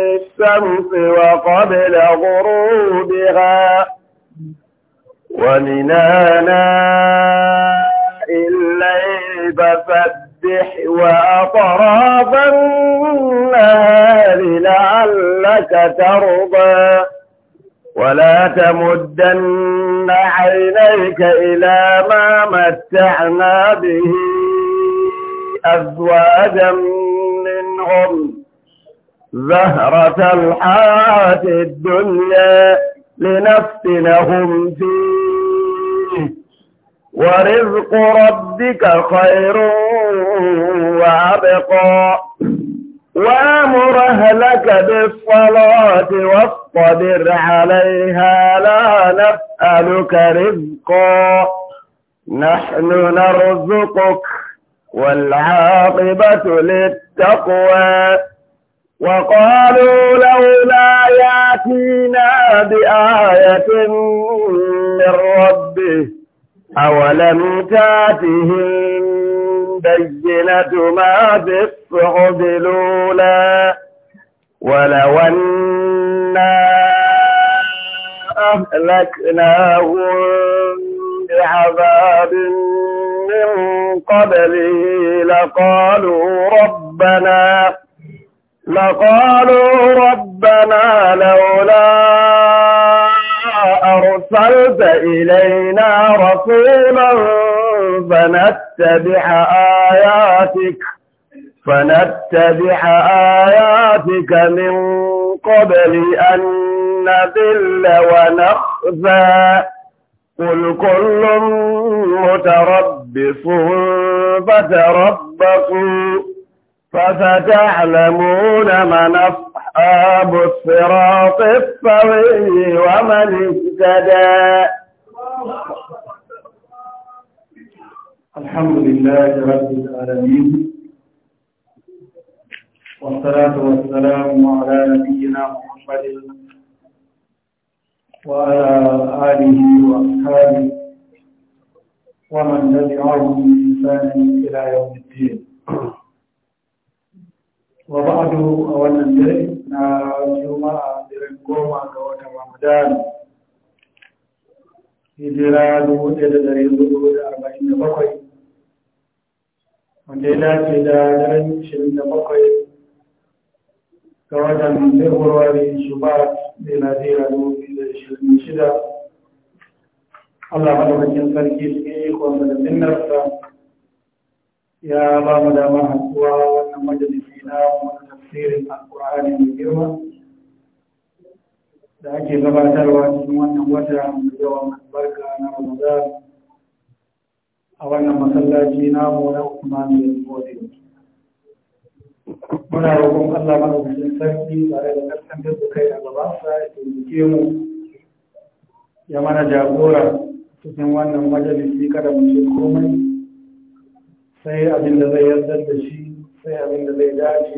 الشمس وقبل غروبها ومن آناء الليل فسبح وأطراف النهار لعلك ترضى ولا تمدن عينيك إلى ما متعنا به أزواجا منهم زهرة الحياة الدنيا لنفتنهم فيه ورزق ربك خير وأبقى وامر أهلك بالصلاة واصطبر عليها لا نسألك رزقا نحن نرزقك والعاقبة للتقوى وقالوا لولا ياتينا بآية من ربه أولم تاتهم بينة ما بالصعب الأولى ولو أنا أهلكناهم بعذاب من قبله لقالوا ربنا لقالوا ربنا لولا أرسلت إلينا رسولا فنتبع آياتك فنتبع آياتك من قبل أن نذل ونخزى قل كل متربص فتربصوا فستعلمون من أصحاب الصراط الطوي ومن اهتدى الحمد لله رب العالمين والصلاة والسلام على نبينا محمد وعلى آله وأصحابه ومن تبعهم بإحسان إلى يوم الدين wa ba'adu a wannan dare na juma'a daren goma ga wata ramadan hijira dubu ɗaya da ɗari hudu da arba'in da bakwai wanda ya dace da daren shirin da bakwai ga watan februari shubat da najeriya dubu biyu da da shida Allah madaukakin sarki yi ikon da sinnarsa ya ba mu damar haɗuwa wannan majalisa mu na tafsirin alkur'ani mai girma da ake gabatarwa cikin wannan wata mai yawan albarka na ramadan a wannan masallaci namu na usman bin kodin muna roƙon allah madaukakin sarki tare da kaskantar da kai a gabansa ya taimake mu ya mana jagora cikin wannan majalisi kada mu ce komai sai abin da zai yarda da shi sai abin da zai dace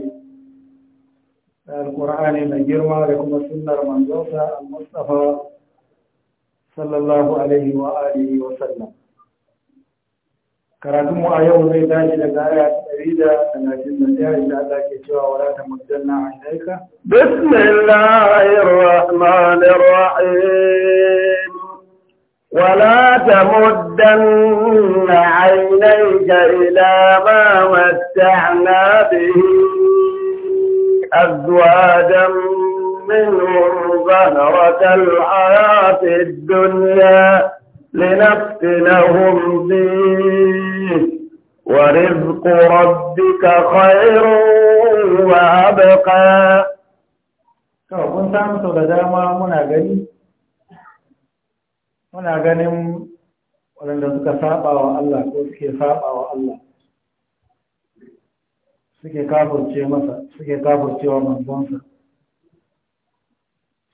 da alkur'ani mai girma da kuma sunnar manzonsa al-mustafa sallallahu alaihi wa alihi wa sallam karatun mu a yau zai dace da aya ɗari da talatin da ɗaya da Allah ke cewa wa ta mujanna an daika bismillahir rahmanir rahim ولا تمدن عينيك إلى ما متعنا به أزواجا منهم زهرة الحياة الدنيا لنفتنهم فيه ورزق ربك خير وأبقى. muna ganin waɗanda suka saba wa Allah ko suke saba wa Allah suke kafurce masa suke kafurce wa manzonsa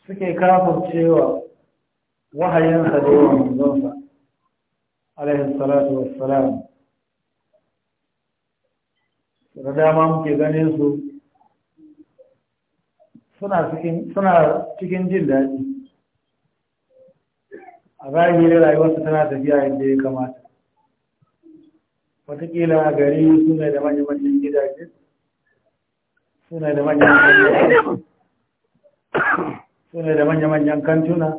suke kafurce wa wahayinsa da yawan manzonsa alaihin salatu salam da dama muke ganin su suna cikin jin daɗi a zahiri rayuwarsa tana tafiya inda ya kamata watakila a gari suna da manya-manyan gidaje suna da manya-manyan suna da manya-manyan kantuna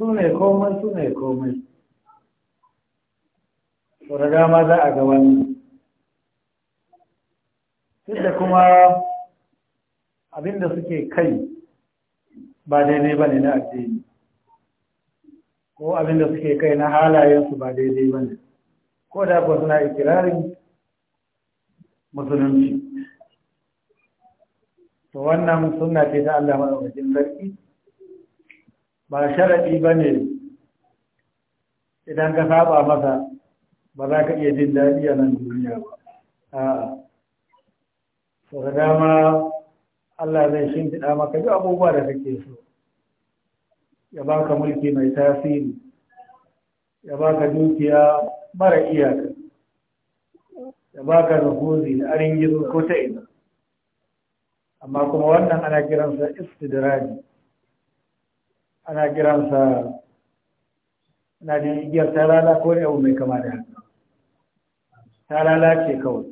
suna komai suna komai da dama za a ga wani tunda kuma abinda suke kai ba daidai ba ne na addini ko abin da suke kai na halayensu ba daidai ba ne ko da ko suna ikirarin musulunci to wannan suna ce ta Allah maɗaukakin sarki ba sharaɗi ba ne idan ka saba masa ba za ka iya jin daɗi a nan duniya ba a'a to da dama Allah zai shimfiɗa maka yi abubuwa da kake so ya baka mulki mai tasiri ya baka dukiya mara iyaka ya baka nufuzi da arin gizo ko ta ina amma kuma wannan ana kiransa istidraji ana kiransa na da igiyar ta lala ko ne abu mai kama da haka ta lala lalace kawai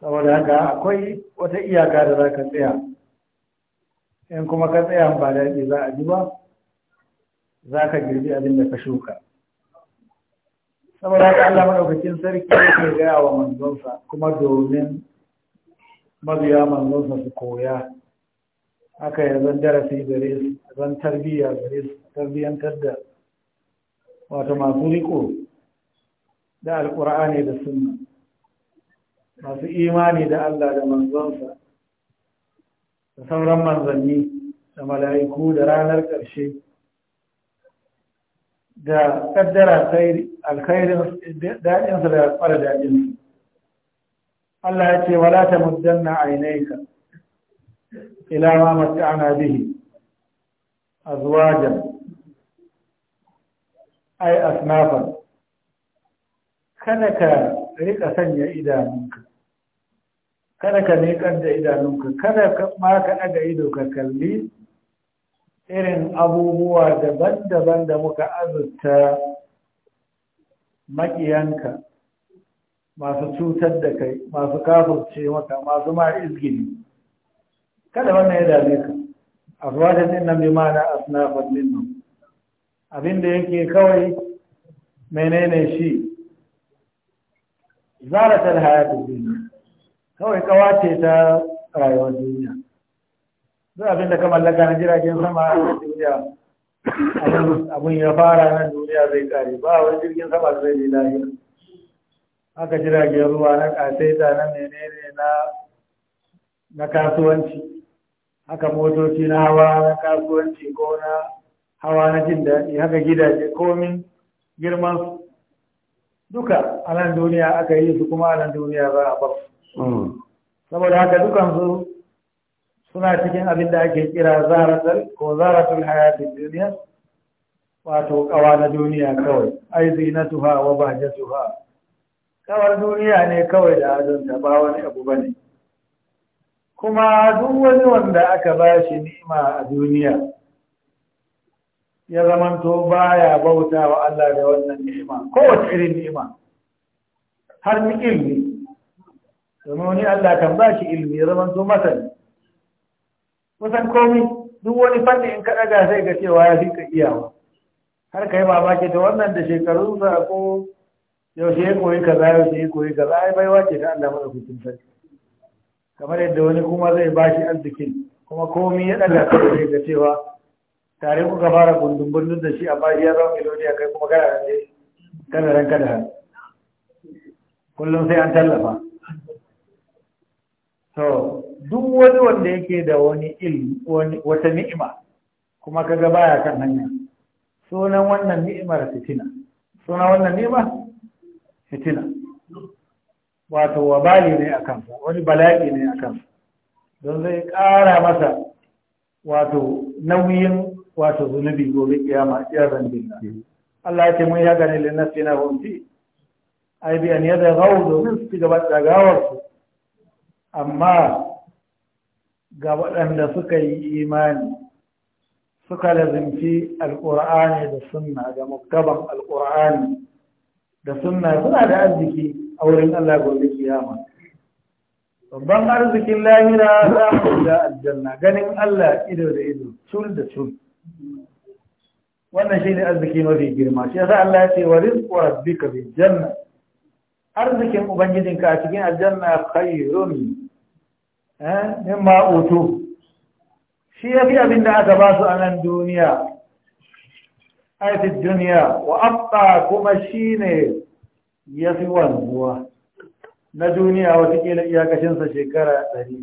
saboda haka akwai wata iyaka da za ka tsaya in kuma ka tsaya ba daɗi za a ji ba za ka girbi abin da ka shuka saboda haka Allah maɗaukakin sarki yake gaya wa manzonsa kuma domin mabiya manzonsa su koya haka ya zan darasi gare su zan tarbiyya gare su tarbiyyantar da wato masu riko da alƙur'ani da sunna masu imani da Allah da manzonsa da sauran manzanni da mala'iku da ranar ƙarshe da kaddara alkhairin daɗinsa da fara daɗinsa Allah ya ce wala ta muddanna ainaika ila ma mata'ana bihi azwajan ai asnafan kada ka rika sanya idanunka kada ka kan da idanunka kada ka ma ka ɗaga ido ka kalli irin abubuwa daban-daban da muka azurta maƙiyanka masu cutar da kai masu kafurce maka masu ma izgini kada wannan ya dame ka afwajan din nan bi ma'ana asnafan din abin da yake kawai menene shi da hayatu duniya kawai kawa ce ta rayuwar duniya duk abin da ka mallaka na jiragen sama a duniya abin ya fara nan duniya zai kare ba wani jirgin sama zai yi lahira haka jiragen ruwa na kasaita na menene na na kasuwanci haka motoci na hawa na kasuwanci ko na hawa na jin daɗi haka gidaje komin girman duka a nan duniya aka yi su kuma a nan duniya za a bar su Hmm. saboda haka dukansu suna cikin abin da ake kira zaratar ko zaratul hayatin duniya wato kawa na duniya kawai aizi na tuha wa baje tuha kawar duniya ne kawai da ta, ba wani abu ba ne kuma duk wani wanda aka ba shi nima a duniya ya zamanto baya bauta wa Allah da wannan nima kowace irin ni'ima har ni ne domin wani Allah kan ba shi ilmi ya zama to masani kusan komi duk wani fanni in ka daga sai ga cewa ya fi ka iyawa har ka kai mamaki ta wannan da shekaru sa ko yaushe ya koyi kaza yaushe ya koyi kaza ai baiwa ce ta Allah madaukakin sarki kamar yadda wani kuma zai ba shi arzikin kuma komi ya daga sai ga cewa tare kuka fara gundun birnin da shi amma ya zama a kai kuma kana da kada hannu kullum sai an tallafa to duk wani wanda yake da wani ilmi wata ni'ima kuma kaga baya kan hanya sunan wannan ni'imar fitina sunan wannan ni'ima fitina wato wabali ne a sa wani bala'i ne a sa don zai kara masa wato nauyin wato zunubi gobe kiyama zan zambin hmm. Allah ya ce mun ya gani linnafina hum hunti ai bi an yadghaw domin su gaba da gawar su amma ga waɗanda suka yi imani suka lazimci alƙur'ani da sunna da muktaban alƙur'ani da sunna suna da arziki a wurin Allah gobe kiyama babban arzikin lahira za mu da aljanna ganin Allah ido da ido cul da cul wannan shi ne arziki mafi girma shi yasa Allah ya ce wa rizqu rabbika bil janna arzikin ubangijinka a cikin aljanna khairun Eh, min ma'utu shi ya fi abin da aka ba su a nan duniya aifin duniya wa abba kuma shi ne ya fi wanzuwa na duniya watakila iyakashinsa shekara ɗari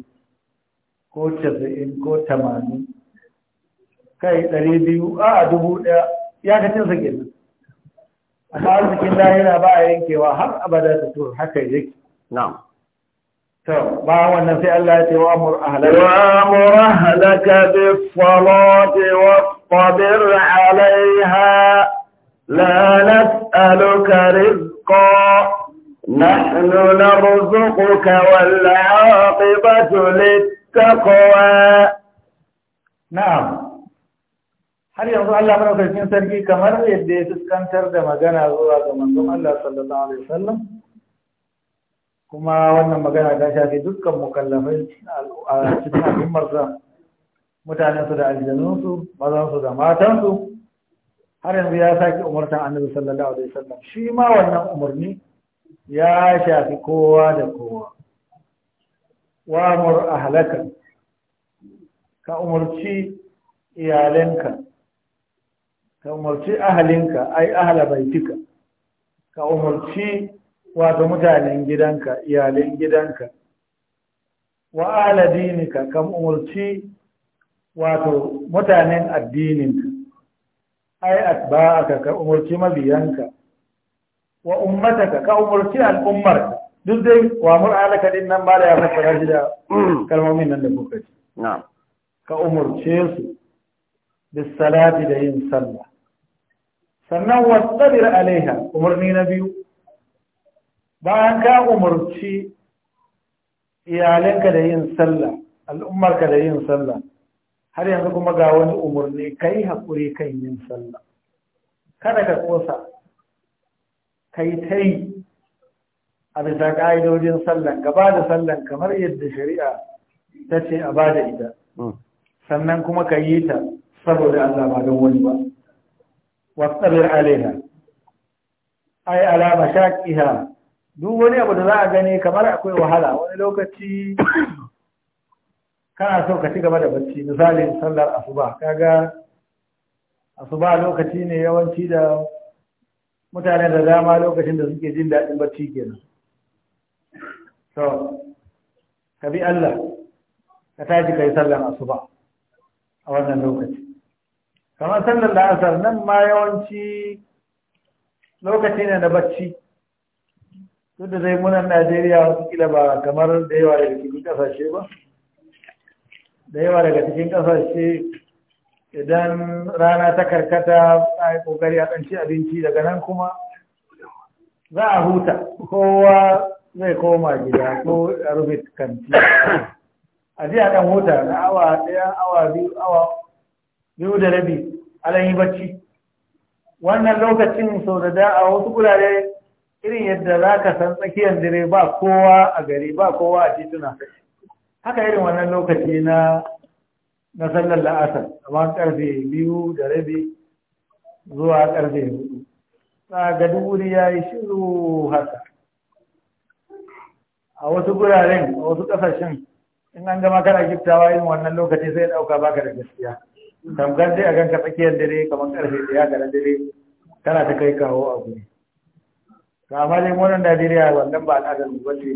ko casa'in ko tamanin kai ɗari biyu a dubu ɗaya Iyakashinsa kenan a arzikin lahira ba a yankewa har abada ta tur haka yake na'am ما هو النصيحة التي وامر أهلك وامر أهلك بالصلاة واصطبر عليها لا نسألك رزقا نحن نرزقك والعاقبة للتقوى نعم هل ينظر الله من أخرجين سرقي كمر يديس كنتر دمجان أغوى كمنظم الله صلى الله عليه وسلم kuma wannan magana ta shafi dukkan mukallafai a cikin al'ummarsa mutanensu da aljanunsu mazansu da matansu har yanzu ya sake umartan annabi sallallahu alaihi wasallam shi ma wannan umarni ya shafi kowa da kowa wa mur ahlaka ka umarci iyalinka. ka umarci ahalinka ai ahla baitika ka umarci wato mutanen gidanka iyalin gidanka wa ala dinika kam umurci wato mutanen addininka ai atba'aka ka umurci mabiyanka wa ummataka ka umurci al'ummar duk dai wa mur'alaka din nan ba da ya fassara shi da kalmomin nan da kuka ji na'am ka umurce su bis salati da yin sallah sannan wasabir alaiha umurni na biyu bayan ka umarci iyalanka da yin sallah al'ummarka da yin sallah har yanzu kuma ga wani umarni ka yi haƙuri kan yin sallah kada ka ƙosa ka yi ta yi a bisa ƙa'idodin sallah, ka ba da sallah kamar yadda shari'a ta ce a ba da ita hmm. sannan kuma ka yi ta saboda Allah ba don wani ba tsabir alaiha ai alama shaƙiha. duk wani abu da za a gani kamar akwai wahala wani lokaci kana so ka ci gaba da bacci misalin sallar asuba kaga asuba lokaci ne yawanci da mutane da dama lokacin da suke jin daɗin bacci kenan so ka bi Allah ka tashi kai sallar asuba a wannan lokaci kamar sallar la'asar nan ma yawanci lokaci ne na bacci duk da zai munan najeriya wasu kila ba kamar da yawa daga cikin kasashe ba da yawa daga cikin kasashe idan rana ta karkata a yi kokari a ɗanci abinci daga nan kuma za a huta kowa zai koma gida ko a rufe kanti a ji a ɗan huta na awa ɗaya awa biyu awa biyu da rabi alayi yi bacci wannan lokacin sau da da a wasu kulare irin yadda za ka san tsakiyar dare ba kowa a gari ba kowa a tituna haka irin wannan lokaci na na sallar la'asar kamar karfe biyu da rabi zuwa karfe hudu ga duburi ya yi shiru haka a wasu guraren a wasu kasashen in an gama kana giftawa irin wannan lokaci sai dauka baka da gaskiya tamkar dai a ganka tsakiyar dare kamar karfe daya ga dare kana ta kai kawo a guri ga malin wannan najeriya wannan ba al'adar mu bace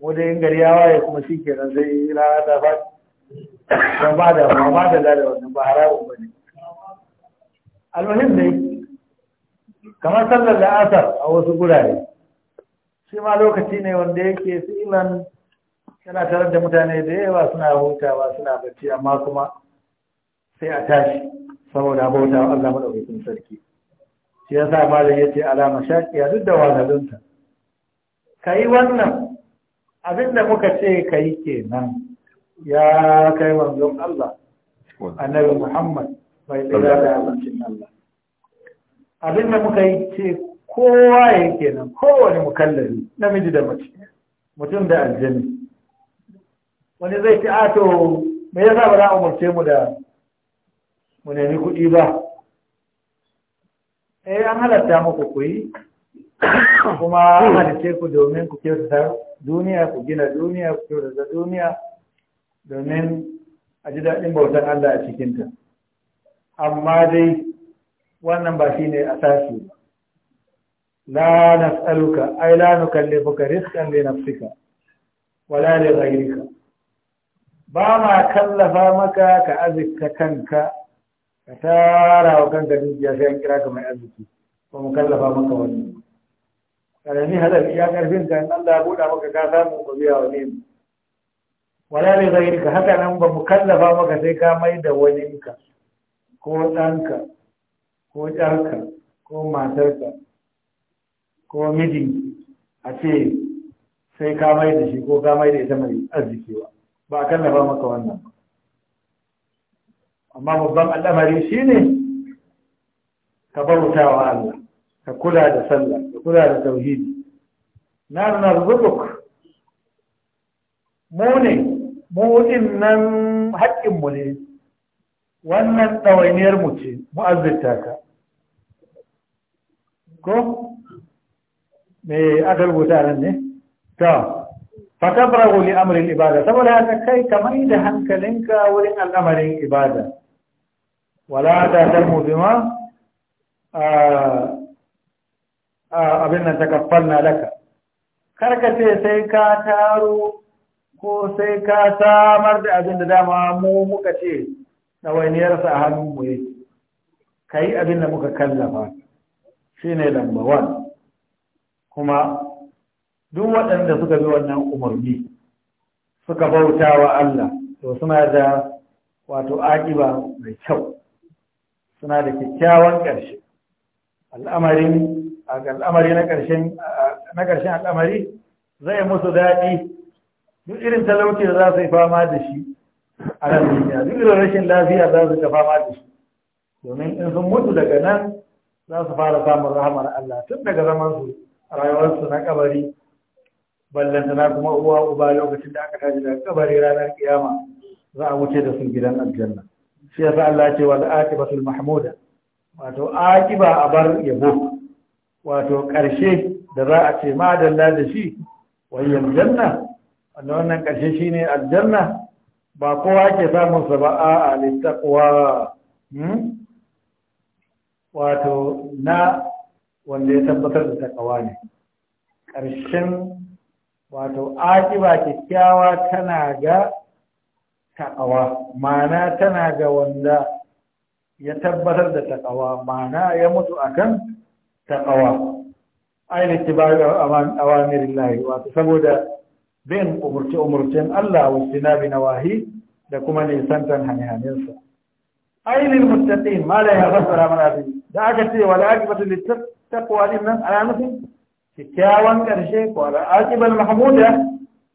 mu da yin gari ya waye kuma shi kenan sai rana da faɗi don ba da ma ba da da wannan ba haramun ba ne dai kamar sallar da asar a wasu gurare shi ma lokaci ne wanda yake filan yana tare da mutane da yawa suna hutawa suna bacci amma kuma sai a tashi saboda bauta Allah madaukakin sarki shi ya sa malam ya ce alama shaƙiya duk da wahalunta ka yi wannan abin da muka ce ka yi kenan ya kai manzon Allah annabi Muhammad mai tsira da abincin Allah abin da muka yi ce kowa ya nan, kowane mukallari namiji da mace mutum da aljami. wani zai ci ato me yasa ba za a umarce mu da mu nemi kuɗi ba E, an halatta muku ku yi kuma hmm. halice ku domin ku kyautata duniya ku gina duniya ku kyautata duniya domin a ji daɗin bautan Allah a cikinta amma dai wannan ba shi ne a ba la nas'aluka ai la nukallifuka rizqan li nafsika wala li ghayrika ba ma kallafa maka ka azika kanka ka tara wa kanka dukiya sai an kira ka mai arziki ko mu kallafa maka wani karami halal iya karfin ka in Allah buɗa maka ka samu ka biya wa ne wala ne zai ka haka nan ba mu kallafa maka sai ka mai da ka, ko ɗanka ko ɗarka ko matarka ko mijin a ce sai ka mai da shi ko ka mai da ita mai arzikiwa ba ba a kallafa maka wannan ba amma babban al'amari shi ne? ka bauta wa Allah ka kula da sallah ka kula da tauhidi na narzubuk mu ne mu nan haƙƙinmu ne wannan ɗawainiyar mu ce mu azurta ka ko me aka rubuta nan ne to fatabrahu wuli amrin ibada saboda haka kai kamar da hankalinka wurin al'amarin ibada wala ta dalmu bima abin nan takaffalna laka karka ce sai ka taro ko sai ka samar da abin da dama mu muka ce ɗawainiyarsa a hannun mu yake ka yi abin da muka kallafa shi ne lamba kuma duk waɗanda suka bi wannan umarni suka bauta wa Allah to suna da wato aƙiba mai kyau suna da kyakkyawan ƙarshe al'amari na ƙarshen al'amari zai musu daɗi duk irin talauci da za su yi fama da shi a nan duniya duk irin rashin lafiya za su fama da shi domin in sun mutu daga nan za su fara samun rahamar Allah tun daga zaman su rayuwarsu na kabari na kuma uwa uba lokacin da aka tashi daga kabari ranar kiyama za a wuce da su gidan aljanna shi yasa Allah ce wa wal aqibatul mahmuda wato aqiba a bar yabo wato karshe da za a ce ma dalla da shi wayan janna wannan karshe shine aljanna ba kowa ke samun sa ba a littaqwa hmm? wato na wanda ya tabbatar da takawa ne ƙarshen wato ba kyakkyawa tana ga taƙawa ma'ana tana ga wanda ya tabbatar da taƙawa ma'ana ya mutu akan taƙawa ainihin tibarar awamirin lahi wato saboda bin umurce-umurcen Allah wa sinabi na wahi da kuma nisantar hane-hanensa ainihin mutattun mala ya fassara mana abin da aka ce wa la'akibatu littattakuwa din nan ana nufin kyakkyawan ƙarshe ko al'akibar mahmuda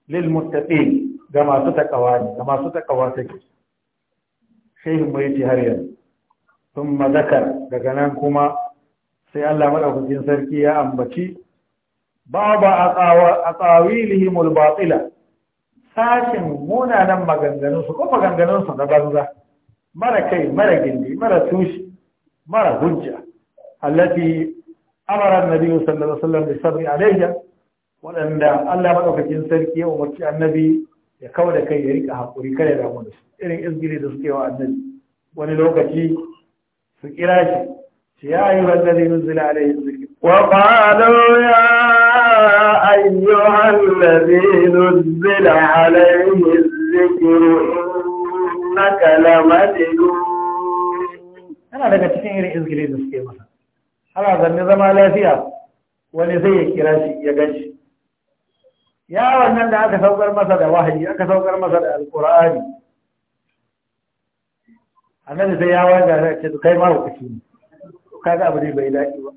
lil mutattun ga masu takawa ne ga masu takawa take shehin mu har yanzu sun mazakar daga nan kuma sai Allah madaukakin sarki ya ambaci ba a tsawilihi batila sashin munanan maganganunsu ko maganganunsu na banza mara kai mara gindi mara tushe mara hujja allati amara annabi sallallahu alaihi wasallam bi sabri waɗanda wadanda Allah madaukakin sarki ya umarci annabi ya kawo da kai ya rika haƙuri kada ya damu da su irin izgiri da suke wa annabi wani lokaci su kira shi shi ya ayyuha allazi nuzila alayhi dhikr wa qalu ya ayyuha allazi nuzila alayhi dhikr innaka lamadun yana daga cikin irin izgiri da suke masa ana zanne zama lafiya wani zai ya kira shi ya gan shi Ya wannan da aka saukar masa da wahayi aka saukar masa da alkur'ani annabi sai ya wanda ya ce kai ma hukaci ne kaga abu ne bai daɗi ba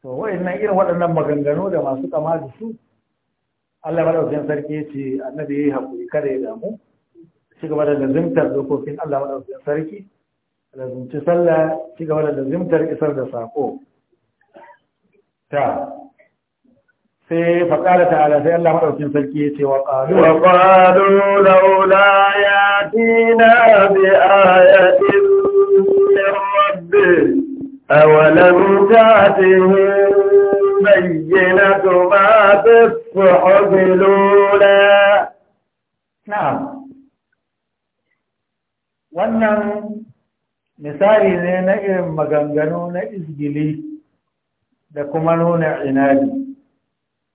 to nan irin waɗannan maganganu da masu kama da su Allah madaukakin sarki ya ce annabi ya yi haƙuri kada ya damu ci gaba da lazimtar dokokin Allah madaukakin sarki lazimci sallah ci gaba da lazimtar isar da sako ta sai faƙara ta'ala sai Allah maɗaukin sarki ya ce wa ƙalu wa ƙalu laula ya tina bi ayatin rabbi awalam ta'tihim bayyinatu ma fi suhufi lula na'am wannan misali ne na irin maganganu na izgili da kuma nuna inadi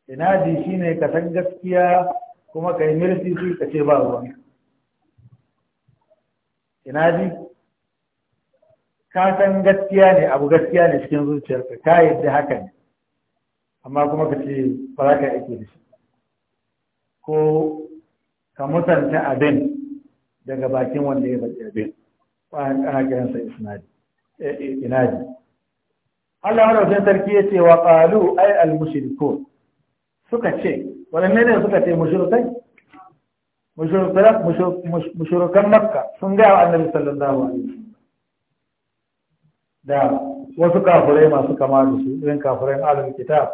inadi shine ka san gaskiya kuma ka yi mirfifi ka ce ba ruwan inadi ka san gaskiya ne abu gaskiya ne cikin zuciyarka ka yadda haka ne amma kuma ka ce ba za ka aiki da shi ko ka musanta abin daga bakin wanda ya faɗi abin ana kiransa Ina eh, inadi Allah madaukakin sarki ya ce wa ƙalu ai al mushrikun suka ce waɗanne ne suka ce mushrikai mushrikan makka sun gaya wa annabi sallallahu alaihi da wasu kafurai masu kama da su irin na alul kitab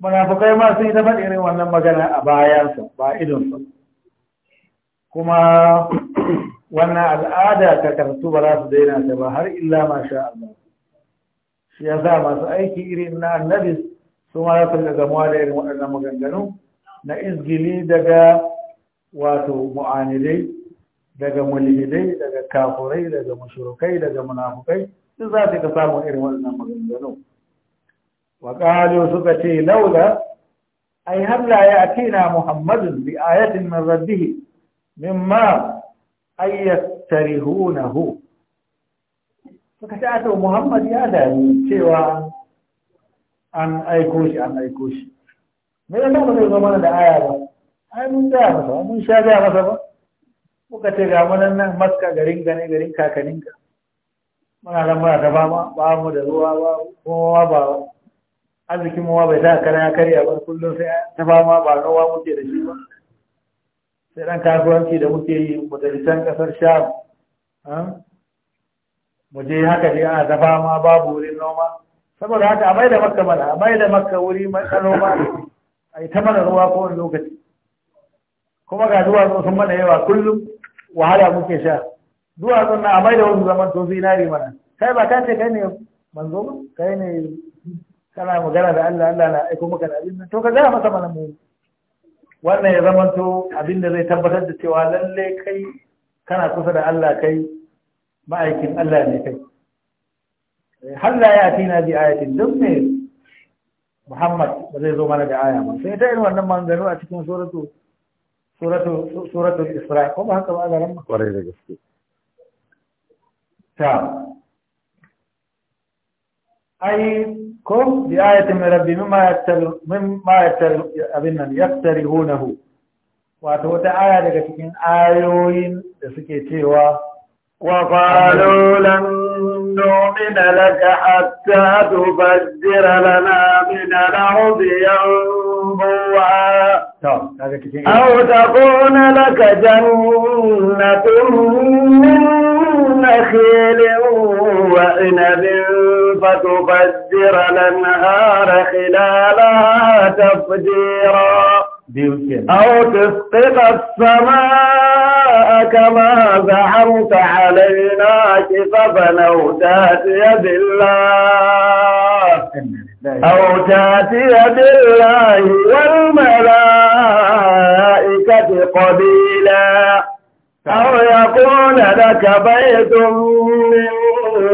munafukai ma sun yi ta faɗi irin wannan magana a bayansa ba idon su kuma wannan al'ada ta karatu ba za su daina ta ba har illa ma sha Allah shi ya sa masu aiki irin na annabi su ma za su da gamuwa da irin waɗannan maganganu na izgili daga wato mu'anidai daga mulhidai daga kafurai daga mushrikai daga munafukai duk za ka samu irin waɗannan maganganu wa suka ce laula ay halla ya'tina muhammadun bi ayatin min rabbih mimma ayyastarihunahu suka ce ato muhammad ya dami cewa an aiko shi an aiko shi me yasa ba zai zo mana da aya ba ai mun gaya masa mun sha gaya masa ba muka ce ga munan nan maska garin gane garin ka muna nan muna ta fama ba mu da ruwa ba ma ba arzikin ma bai sa kana ya karya ba kullum sai ta fama ba rawa muke da shi ba sai ɗan kasuwanci da muke yi mu tafi can ƙasar sham mu je haka dai ana ta fama babu wurin noma saboda haka a mai da makka mana a mai da makka wuri tsaro ba a yi ta mana ruwa ko wani lokaci kuma ga duwatsu sun mana yawa kullum wahala muke sha Duwatsu na a mai da wasu zaman to zinari mana kai ba ka ce kai ne manzo ba kai ne kana magana da Allah Allah na aiko maka da abin nan to ka gaya masa mana mu wannan ya zama to abin da zai tabbatar da cewa lalle kai kana kusa da Allah kai ma'aikin Allah ne kai هل لا يأتينا دي آية الدم محمد رضي الله عنه بآية من سيدعين وأن من ذنو أتكون سورة سورة سورة الإسراء قم هكا بأذى لما وريد جسدي تعال نعم. أي كم بآية من ربي مما يتل مما يتل أبنا يقترهونه وأتوت آية لك تكين آيوين لسكي تيوا وقالوا لن نؤمن لك حتى تفجر لنا من الأرض ينبوعا أو تكون لك جنة من نخيل وعنب فتفجر الأنهار خلالها تفجيرا أو تسقط السماء كما زعمت علينا كففا أو تاتي بالله أو تاتي بالله والملائكة قبيلا أو يكون لك بيت من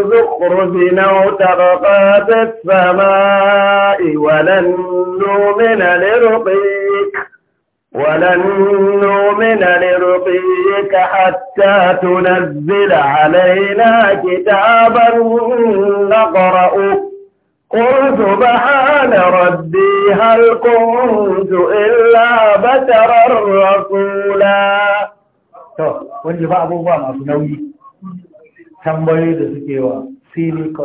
زخرف أو ترقى في السماء ولن نؤمن لرقيك ولن نؤمن لرقيك حتى تنزل علينا كتابا نقرأ قل سبحان ربي هل كنت إلا بشرا رسولا to wanda ba abubuwa masu nauyi tambayoyi da suke wa silly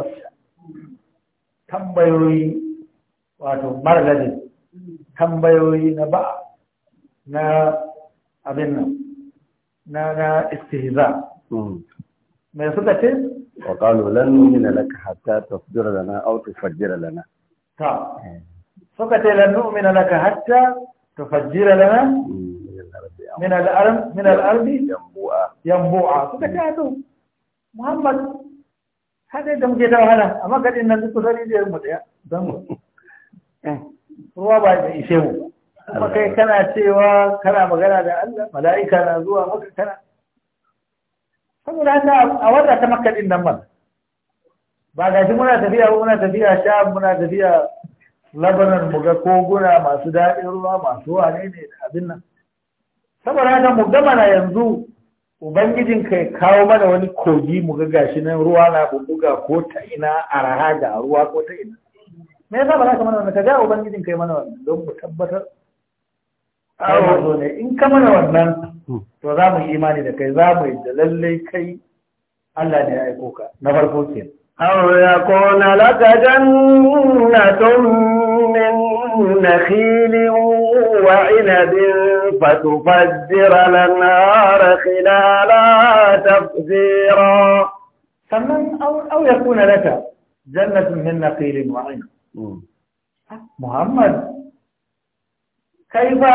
tambayoyi wato mara tambayoyi na ba نا أبنا نا نا استهزاء ما يصدق وقالوا لن نؤمن لك حتى تصدر لنا أو تفجر لنا تا طيب. لن نؤمن لك حتى تفجر لنا من الأرض من الأرض ينبوعا ينبوعا محمد هذا دم جدا وهذا أما قد إن الناس تدري دم جدا دم روابع kuma kai kana cewa kana magana da Allah mala'ika na zuwa maka kana saboda haka a wanda ta maka din nan man ba ga shi muna tafiya muna tafiya sha muna tafiya labanan mu ga koguna masu daɗin ruwa masu wane ne da abin nan saboda haka mu gama na yanzu ubangijin kai kawo mana wani kogi mu ga gashi nan ruwa na bubuga ko ta ina araha ga ruwa ko ta ina me yasa ba za ka mana wannan ka ga ubangijin kai mana wannan don mu tabbatar A'a, in ka mana wannan hmm. to za mu imani da kai za mu da lallai kai Allah ne ya aiko ka na farko ke aw yakuna laka jannatun min nakhilin wa inabin fatufajjira lanhara khilala tafjira sannan aw yakuna laka jannatun min nakhilin wa inab hmm. ah, Muhammad kai ba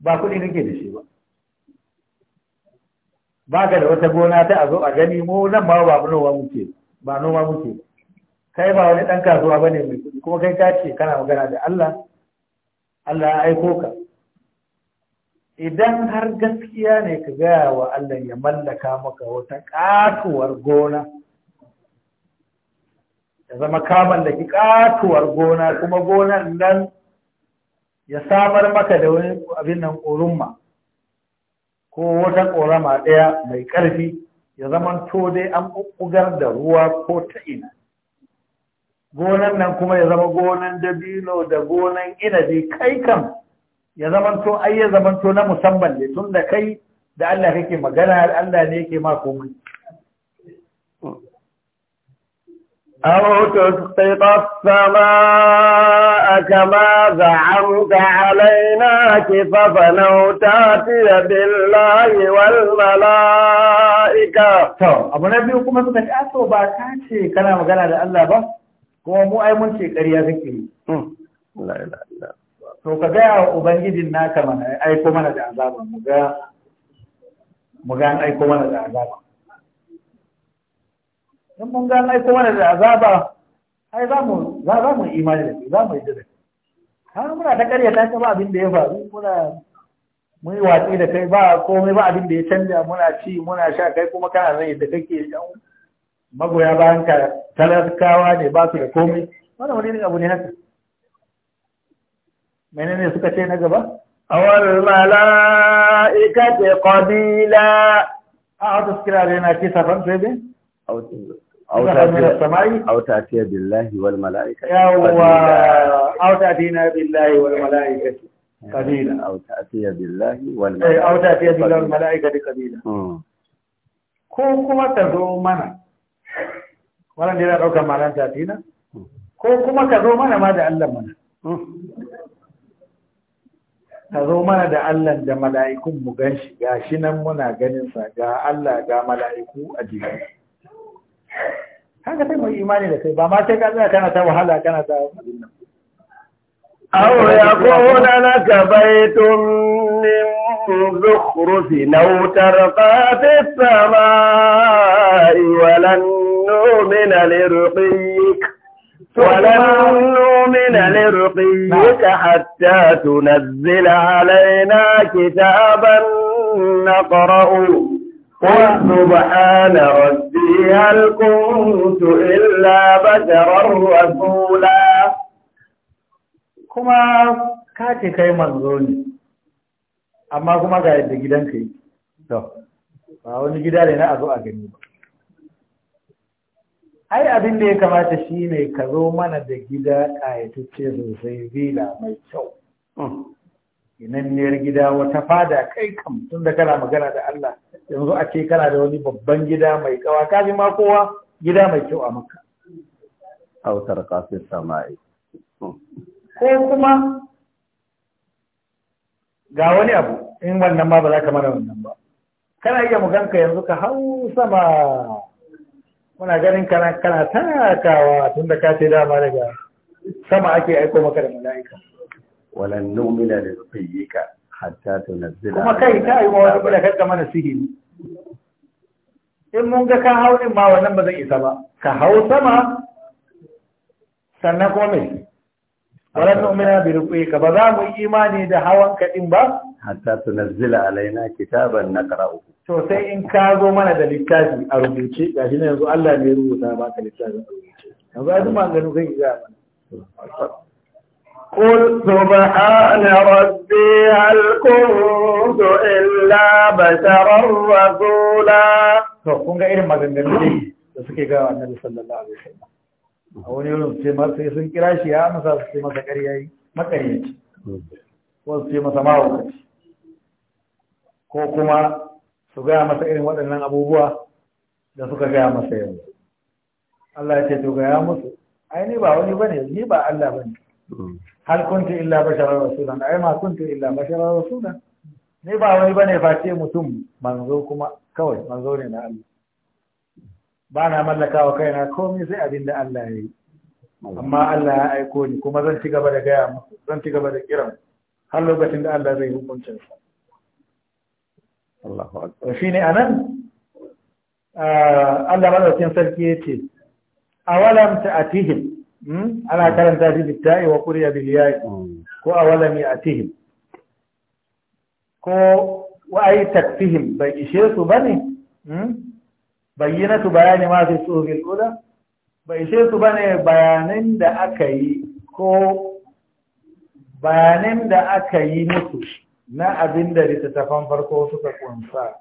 ba kuɗi nake da shi ba ba ka da wata gona ta a zo a gani mu nan ba ba noma muke ba noma muke kai ba wani ɗan kasuwa ba ne mai kuma kai ka ce kana magana da Allah Allah ya aiko ka idan har gaskiya ne ka gaya wa Allah ya mallaka maka wata katuwar gona ya zama ka mallaki katuwar gona kuma gonan nan ya samar maka da wani abin nan ƙorumma ko wata ƙorama ɗaya mai ƙarfi ya zama to dai an ɓuɓɓugar da ruwa ko ta ina gonan nan kuma ya zama gonan dabino da gonan inabi kai kam ya zama to ai ya zama to na musamman ne tun da kai da Allah kake magana Allah ne yake ma komai أو تسقط السماء كما زعمت علينا كففا أو تأتي بالله والملائكة mala'ika. abu na biyu kuma suka ce aso ah, ba ka ce kana magana da Allah ba kuma mu ai mun ce ƙarya yi hmm. to ka gaya wa ubangijin naka mana aiko mana da azaba mu aiko mana da in mun gano ai mana da azaba ai za mu za mu imani da za mu yi da shi har muna ta ƙarya ta ba abin da ya faru muna mun yi watsi da kai ba komai ba abin da ya canja muna ci muna sha kai kuma kana rai da kake yan magoya bayan ka talakawa ne ba su da komai wannan wani abu ne haka menene suka ce na gaba awal mala'ikati qabila a wata sikira da yana ce safan sai dai a wata auta tiya billahi wal mala'ika yawwa auta tina billahi wal mala'ika kabila eh, auta tiya billahi wal eh, mala'ika auta tiya billahi wal mala'ika kabila hmm. ko kuma ka zo mana wannan yana daukar malan tatina hmm. ko kuma ka zo mana ma da Allah mana hmm. ka zo mana da Allah da mala'ikun mu gan shi gashi nan muna ganin sa ga Allah ga mala'iku a jiki haka sai mu imani da kai ba ma sai ka tsaya kana wahala kana ta abin أو يكون لك بيت من زخرف لو ترقى في السماء ولن نؤمن لرقيك ولن نؤمن لرقيك نعم. حتى تنزل علينا كتابا نقرأه قل سبحان ba هل كنت إلا بشرا رسولا كما كاتي كي منظوني amma kuma ga yadda gidanka yi to ba wani gida ne na a zo a gani ba ai abin da ya kamata shine ka zo mana da gida ƙayatacce sosai vila mai kyau hmm. inanniyar gida wata fada kai kam tun da kana magana da Allah yanzu a ce kana da wani babban gida mai kawa kafin ma kowa gida mai kyau a maka autar kafin sama'i ko kuma ga wani abu in wannan ma ba za ka mana wannan ba kana iya muganka yanzu ka hau sama muna ganin kana kana takawa tun da ka ce dama daga sama ake aiko maka da mala'ika walan nu'mina da nufayyika hatta tunazzila kuma kai ta yi wani bala kakka mana sihiri in mun ga ka hau in ma wannan ba zai isa ba ka hau sama sannan kuma mai walan nu'mina bi ruqika ba za mu yi imani da hawan ka din ba hatta tunazzila alaina kitaban naqra'u to sai in ka zo mana da littafi a rubuce gashi ne Allah ne rubuta ba ka littafin a rubuce yanzu ai duma ganu kai ga قل سبحان ربي هل كنت إلا بشرا رسولا to kun ga irin maganganu ne da suke ga annabi sallallahu alaihi a wani wurin ce ma sun kira shi ya amsa su ce masa ƙarya ko su masa mahaukaci ko kuma su gaya masa irin waɗannan abubuwa da suka gaya masa yanzu Allah ya ce to gaya musu ai ni ba wani bane ni ba Allah bane hal kuntu illa basharar rasulan ai ma kuntu illa basharar rasulan ni ba wani bane face mutum manzo kuma kawai manzo ne na Allah ba na mallaka wa kaina komai sai abin da Allah ya yi amma Allah ya aiko ni kuma zan ci gaba da gaya muku zan ci gaba da kiran har lokacin da Allah zai hukunta sa Allahu akbar ne anan ah, Allah madaukakin sarki yace awalam ta'atihim Hmm? ana karanta shi bitta'i wa kuriya bil ya'i ko awalam ya'tihim ko wa ay takfihim bai ishe su bane hmm? bayyinatu bayani ma fi suhufil ula bai ishe su bane bayanin da aka yi ko bayanin da aka yi musu na abin da littattafan farko suka kunsa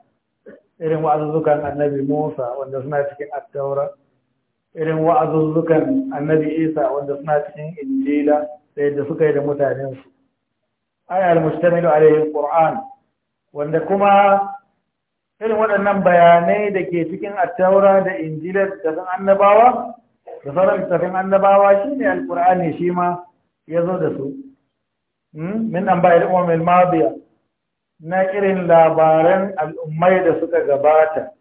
irin wa'azuzzukan annabi Musa wanda suna cikin attaura irin wa'azuzzukan annabi isa wanda suna cikin injila da yadda suka yi da mutanensu ana almustamilu alaihi qur'an wanda kuma irin waɗannan bayanai da ke cikin attaura da injila da san annabawa da sauran littafin annabawa shi shine alqur'ani shi ma ya zo da su hmm? min an ba'il umamil madiya na irin labaran al'ummai da suka gabata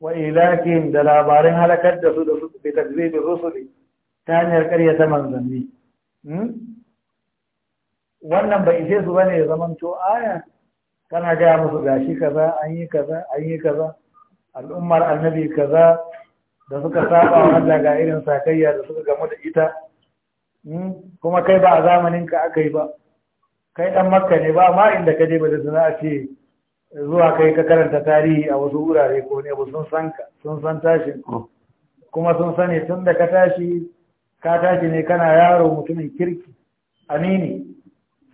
wa ilakin da labarin halakar da su da su bi takzibin rusuli ta hanyar ta manzanni wannan bai ishe su bane ya zamanto aya kana gaya musu gashi kaza an yi kaza an yi kaza al'ummar annabi kaza da suka saba wa Allah ga irin sakayya da suka gamu da ita kuma kai ba a zamanin ka aka yi ba kai dan makka ne ba ma inda ka je ba da zina a ce zuwa kai ka karanta tarihi a wasu wurare ko ne sun san ka sun san tashi kuma sun sani tun da ka tashi ka tashi ne kana yaro mutumin kirki amini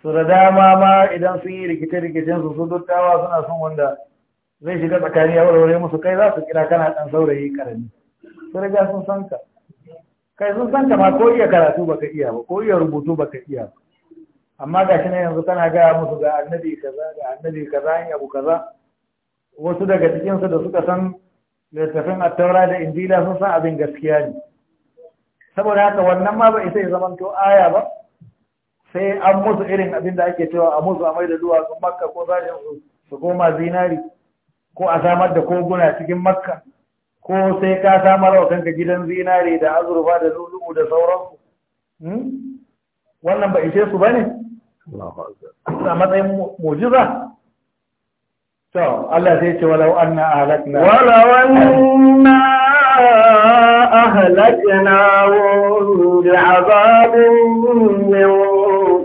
su da dama ma idan sun yi rikice-rikicen su su dottawa suna son wanda zai shiga tsakani a warware musu kai za su kira kana dan saurayi karami su riga sun san ka kai sun san ka ma ko iya karatu baka iya ba ko iya rubutu baka iya ba amma ga shi ne yanzu kana gaya musu ga annabi kaza ga annabi kaza ya abu kaza wasu daga cikinsu da suka san littafin attaura da injila sun san abin gaskiya ne saboda haka wannan ma ba isa ya to aya ba sai an musu irin abin da ake cewa a musu a maida da duwatsun makka ko sashen su koma zinari ko a samar da koguna cikin makka ko sai ka samar wa kanka gidan zinari da azurfa da lulu'u da sauransu hmm? wannan ba ishe su ba ne الله أكبر mujiza to Allah zai ولو أن أهلكنا ولو walau أهلكناهم ahlakna بعذاب من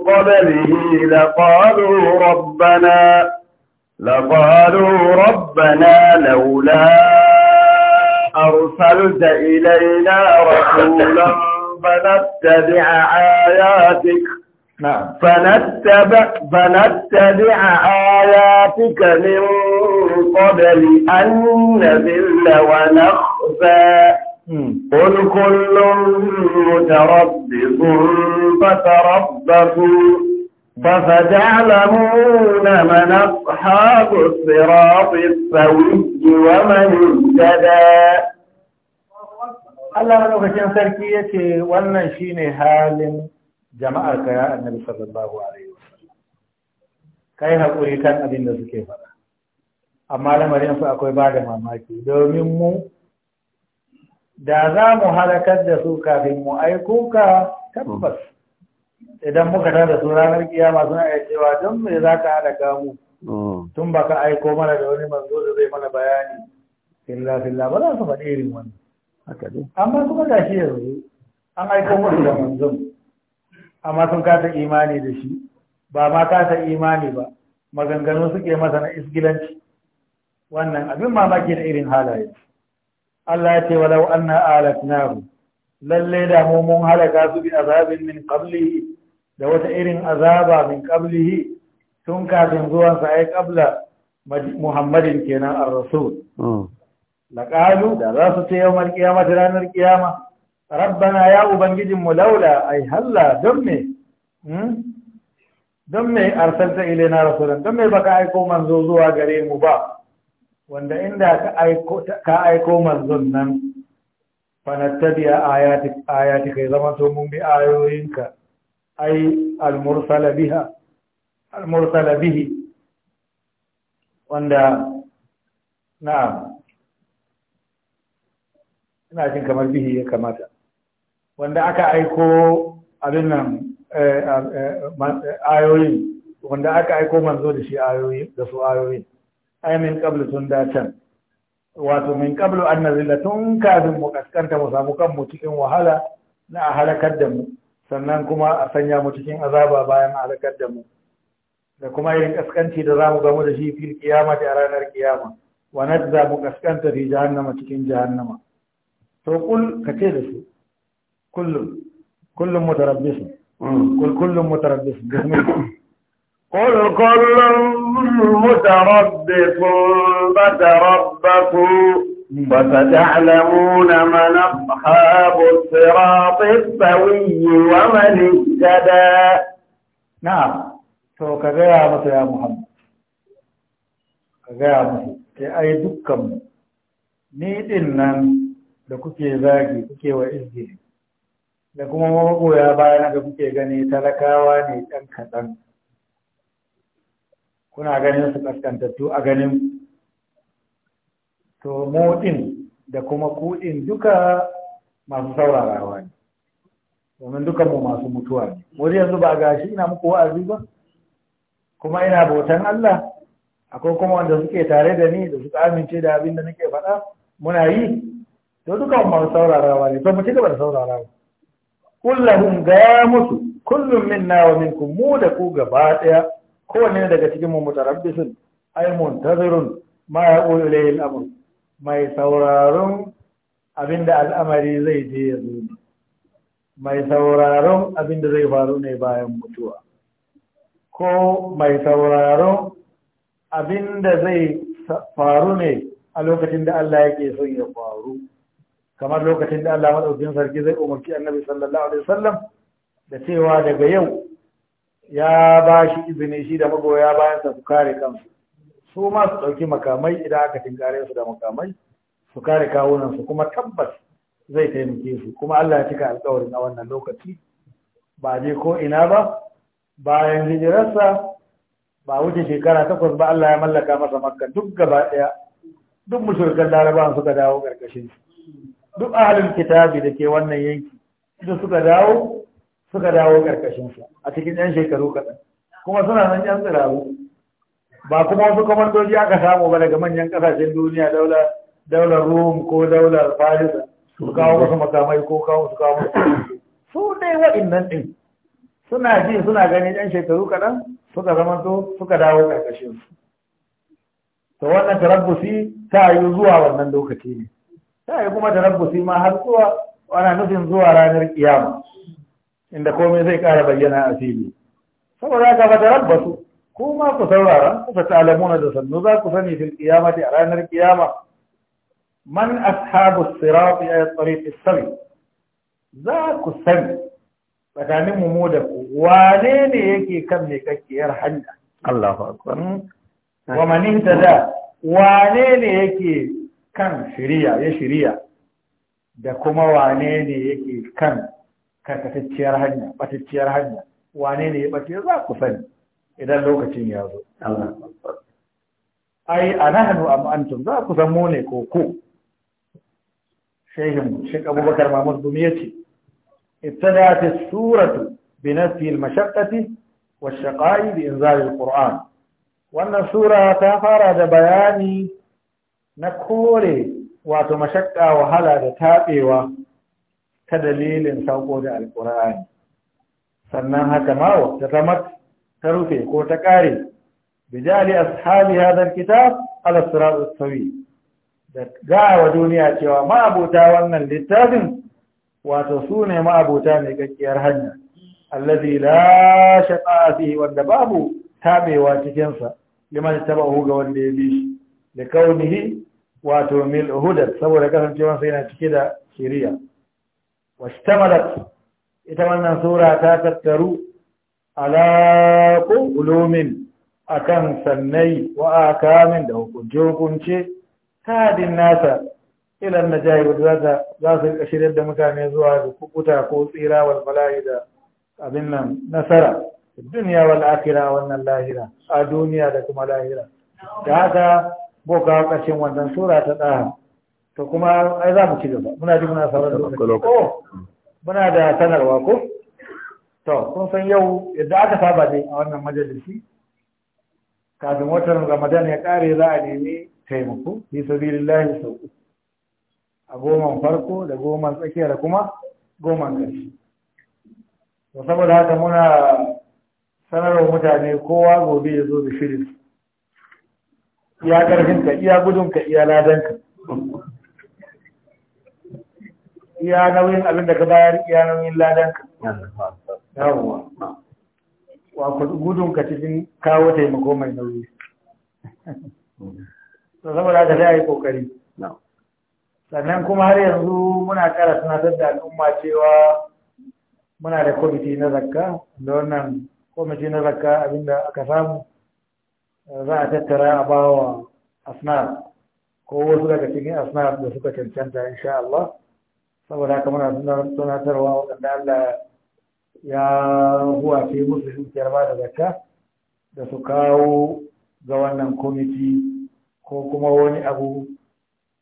قبله لقالوا ربنا لقالوا ربنا لولا أرسلت إلينا رسولا فنتبع آياتك نعم فنتبع, فنتبع آياتك من قبل أن نذل ونخفى قل كل متربص فتربصوا ففتعلمون من أصحاب الصراط السوي ومن اهتدى Allah madaukakin sarki yace wannan شيني هالم jama'ar ka ya annabi sallallahu alaihi kai hakuri kan abin da suke faɗa amma lamarin su akwai ba da mamaki domin mu da za mu halakar da su kafin mu aiko ka tabbas idan muka tada su ranar kiyama suna iya cewa don me za ka halaka mu mm. tun baka aiko mana da wani manzo da zai mana bayani illa filla ba za su faɗi irin wannan amma kuma gashi yanzu an aiko musu da manzon amma sun kasa imani da shi ba ma kasa imani ba maganganu suke masa na isgilanci wannan abin mamaki da irin halaye Allah ya ce walau anna alatnahu lalle da mu mun halaka su bi azabin min qablihi da wata irin azaba min qablihi tun kafin zuwan sa ai kabla Muhammadin kenan ar-rasul oh. laqalu da za su ce yawmal qiyamah ranar qiyamah rabbana ya ubangijinmu laula ai halla don me don me arsalta ilaina rasulan don me baka aiko manzo zuwa gare mu ba wanda inda ka aiko ka aiko manzon nan fanattabi'a ayati ayati kai zaman to mun bi ayoyinka ai almursala biha almursala bihi wanda na'am ina jin kamar bihi ya kamata wanda aka aiko abin nan eh, eh, eh, ayoyin wanda aka aiko manzo da shi ayoyi da su ayoyi Ai min qablu tun da can wato min qablu an nazila tun kafin mu kaskanta mu samu kanmu cikin wahala na a halakar da mu sannan kuma a sanya mu cikin azaba bayan a halakar da mu da kuma irin kaskanci da zamu gamu da shi fil kiyama da ranar kiyama wa nadza mu kaskanta fi jahannama cikin jahannama to kul kace da su كل كل متربص كل كل متربص قل كل متربص فتربصوا فستعلمون من أصحاب الصراط السوي ومن اهتدى نعم تو كغيا يا محمد كغيا مسي كأي دكم نيت إنن لكوكي ذاكي كوكي وإزدهي da kuma magoya bayan da kuke gani talakawa ne ɗan kaɗan kuna ganin su ƙaskantattu a ganin to mu da kuma kuɗin duka masu saurarawa ne domin dukanmu masu mutuwa ne wani yanzu ba gashi ina muku wa'azi ba kuma ina bautan Allah akwai kuma wanda suke tare da ni da suka amince da abin da nake faɗa muna yi to mu masu saurarawa ne to mu ci gaba da saurarawa kullahum gaya musu kullum minna wa minkum mu da ku gaba daya kowanne daga cikin mu mutarabbisun ay muntazirun ma yaqulu ilayhi al-amr mai sauraron abinda al'amari zai je ya zo mai sauraron abinda zai faru ne bayan mutuwa ko mai sauraron abinda zai faru ne a lokacin da Allah yake son ya faru kamar lokacin da Allah madaukin sarki zai umarci annabi sallallahu alaihi wasallam da cewa daga yau ya ba shi izini shi da magoya bayansa su kare kansu su ma su ɗauki makamai idan aka tinkare su da makamai su kare kawunan su kuma tabbas zai taimake su kuma Allah ya cika alƙawarin a wannan lokaci ba je ko ina ba bayan hijirarsa ba wuce shekara takwas ba Allah ya mallaka masa makka duk gaba ɗaya duk mushrikan larabawan suka dawo ƙarƙashin su duk ahalin kitabi da ke wannan yanki da suka dawo suka dawo ƙarƙashinsa a cikin 'yan shekaru kaɗan kuma suna nan 'yan tsiraru ba kuma wasu kwamandoji aka samu ba daga manyan ƙasashen duniya daular rome ko daular farisa su kawo wasu makamai ko kawo su kawo su dai wa'innan din, suna ji suna ganin 'yan shekaru kaɗan suka to suka dawo karkashinsu. to wannan tarabbusi ta yi zuwa wannan lokaci ne sai kuma da rabbusi ma har zuwa ana nufin zuwa ranar kiyama inda komai zai ƙara bayyana a fili saboda ka fata rabbasu kuma ku saurara ku fata alamuna da sannu za ku sani fil kiyamati a ranar kiyama man ashabu sirati ay tariq as za ku sani tsakanin mu da ku wane ne yake kan mai kakkiyar hanya Allahu akbar wa man ihtada wane ne yake kan shiriya ya shiriya da kuma wane ne yake kan karkatacciyar hanya ɓatacciyar hanya wane ne ya bace za ku sani idan lokacin ya zo ai a nahanu am za ku san ne ko ku shehin shi abubakar mahmud dumi ya ce ابتدأت السورة بنفي المشقة والشقاء بإنزال القرآن wannan sura ta fara da bayani na kore wato mashakka wahala da taɓewa ta dalilin sauko da alƙur'ani sannan haka ma ta zama ta rufe ko ta ƙare bijali ashabi hadar kitab ala sirat as sawi da ga wa duniya cewa ma'abuta wannan littafin wato sune ne ma'abuta ne gaskiyar hanya allazi la shaqa fihi wanda babu tabewa cikin sa liman tabahu ga wanda ya bi shi da kaunihi wato mil hudar saboda kasancewa sai yana cike da shiriya Wastamalat ita wannan sura ta tattaru ala ulumin akan sannai wa akamin da hukunce ta hadin nasa ilan na jayi wadda za su shirya da mutane zuwa da kukuta ko tsira wal bala'i da abin nan nasara duniya wal akira wannan lahira a duniya da kuma lahira da haka ko kawo ƙarshen wannan sura ta ɗaya to kuma ai za mu ci gaba muna ji muna sauran lokaci ko oh, muna da sanarwa ko to kun san yau yadda aka saba dai a wannan majalisi kafin watan ramadan ya ƙare za a nemi taimako fi sabilillahi sau a goman farko da goman tsakiya da kuma goman ƙarshe to saboda haka muna sanarwa mutane kowa gobe ya zo da shirin iya ka, iya gudun ka, iya ladan ka, iya nauyin abin da ka bayar iya nauyin ladan ka, yawwa wa gudun ka cikin kawo taimako mai nauyi to saboda haka sai a yi ƙoƙari sannan kuma har yanzu muna ƙara suna da al'umma cewa muna da kwamiti na zakka da wannan kwamiti na zakka abinda aka samu za a tattara a bawa asnar ko wasu daga cikin asnar da suka cancanta insha Allah saboda haka muna tunatarwa waɗanda Allah ya huwace musu dukiyar ba da zakka da su kawo ga wannan komiti. ko kuma wani abu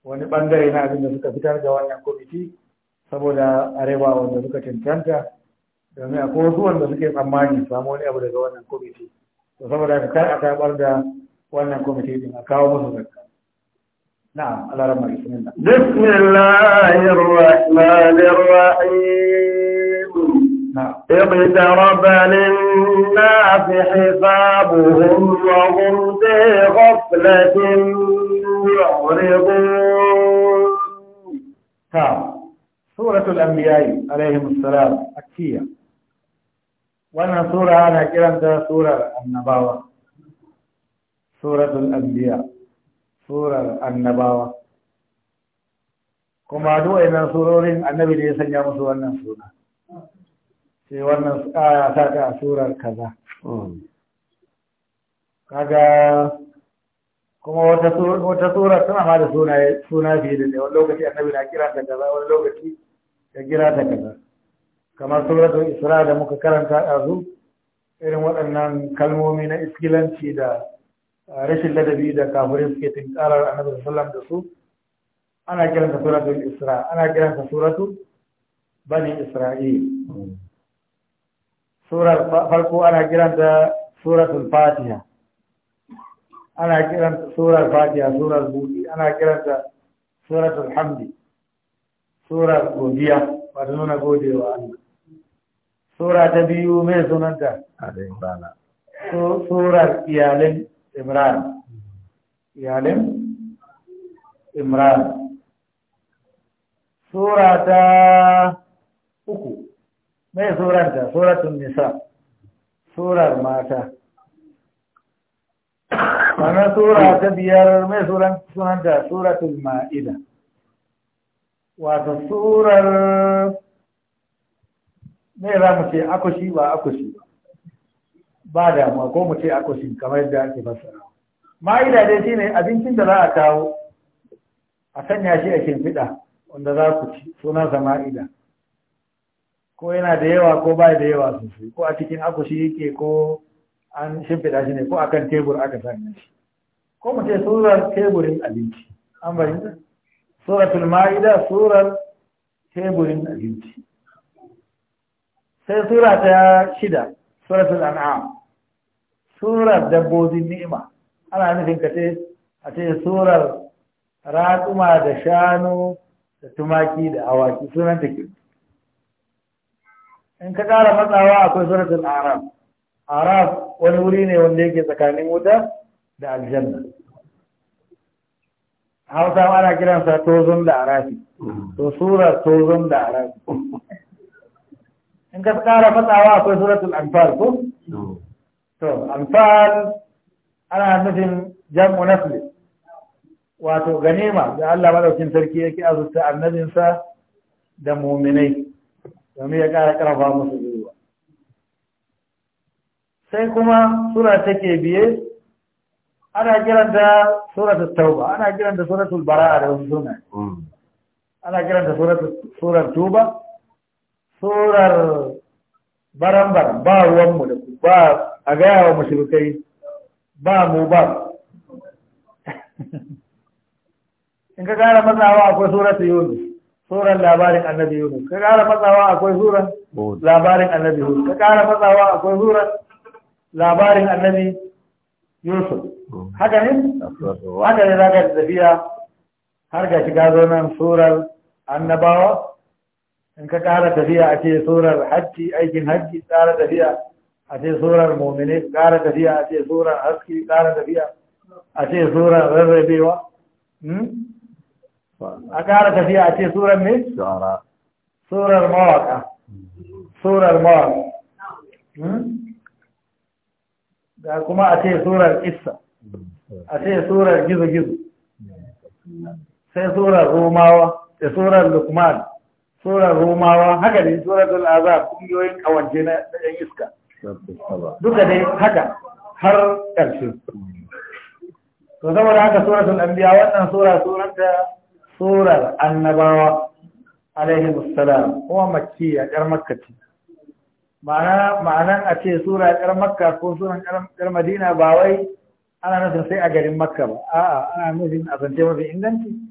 wani bangare na abin da suka fitar ga wannan komiti saboda arewa wanda suka cancanta domin akwai wasu wanda suke tsammani samu wani abu daga wannan komiti. to saboda ka kar a karɓar da wannan kwamiti din a kawo musu zakka na'am Allah rahmar bismillah bismillahir rahmanir rahim na'am اقترب للناس حسابهم وهم في غفلة يعرضون سورة الأنبياء عليهم السلام أكية wannan sura ana kiranta surar annabawa suratul anbiya surar annabawa kuma duwai nan surorin annabi da ya sanya musu wannan suna sai wannan aya ta ta surar kaza hmm. kaga kuma wata surar tana ma da suna fiye da wani lokaci annabi na kira ta kaza wani lokaci ya kira ta kaza kamar suratul isra da muka karanta ɗazu irin waɗannan kalmomi na iskilanci da uh, rashin ladabi da kafirin suke tinkarar annabi sallam da su ana kiranta suratul isra ana kiranta suratul bani isra'il surar farko ana kiranta suratul fatiha ana kiranta surar fatiha surar buɗi ana kiranta suratul hamdi surar godiya ba ta nuna godewa Allah sura ta biyu mai sunanta surar iyalin imran iyalin imran sura surar mata sannan sura sunanta suratul ma'ida wata surar ne za mu ce akushi ba akushi ba damuwa ko mu ce akushi kamar yadda ake fassara ma'ida dai shine abincin da za a kawo a sanya shi a shimfiɗa wanda za ku ci sunansa ma'ida ko yana da yawa ko ba da yawa sosai ko a cikin akushi yake ko an shimfiɗa shi ne ko akan tebur aka sanya shi ko mu ce surar teburin abinci an bari suratul ma'ida surar teburin abinci sai sura ta shida suratul an'am surar dabbobin ni'ima ana nufin ka ce a ce surar raƙuma da shanu da tumaki da awaki sunan take in ka ƙara matsawa akwai suratul araf araf wani wuri ne wanda yake tsakanin wuta da aljanna hausa ana kiransa tozon da arafi to surar tozon da arafi in ka ƙara matsawa akwai suratul anfal ko to anfal ana nufin jam'u nasli wato ganima da Allah madaukin sarki yake azurta annabinsa da muminai domin ya ƙara ƙarfa musu zuwa sai kuma sura take biye ana kiranta suratul tauba ana kiranta suratul bara'a da wasu suna mm. ana kiranta suratul tuba surar barambar ba ruwanmu da ku ba a gaya wa mashirkai ba mu ba in ka gara matsawa akwai surar yunus surar labarin annabi yunus ka gara matsawa akwai surar labarin annabi yunus ka gara matsawa akwai surar labarin annabi yusuf haka ne haka ne za ka tafiya har ga shiga zonan surar annabawa in ka ƙara tafiya a ce surar hajji aikin hajji ƙara tafiya a ce surar momine ƙara tafiya a ce surar haske ƙara tafiya a ce surar rarrabewa hmm? a ƙara tafiya a ce surar me? surar mawaka surar mawaka da hmm? kuma a ce surar isa a ce surar gizo-gizo sai surar romawa da surar lukman سورة روما وهكا دي سورة الأذاب كميوين كوانجينة لأيسكا دوكا دي هكا هر كالشو وثورة هكا سورة الأنبياء وأنها سورة سورة سورة النباوة عليهم السلام هو مكية جر مكة معنى معنى أتي سورة جر مكة كون سورة جر مدينة باوي أنا نفسي أجر مكة آآ آآ آآ نفسي أظن جمع في إنجنتي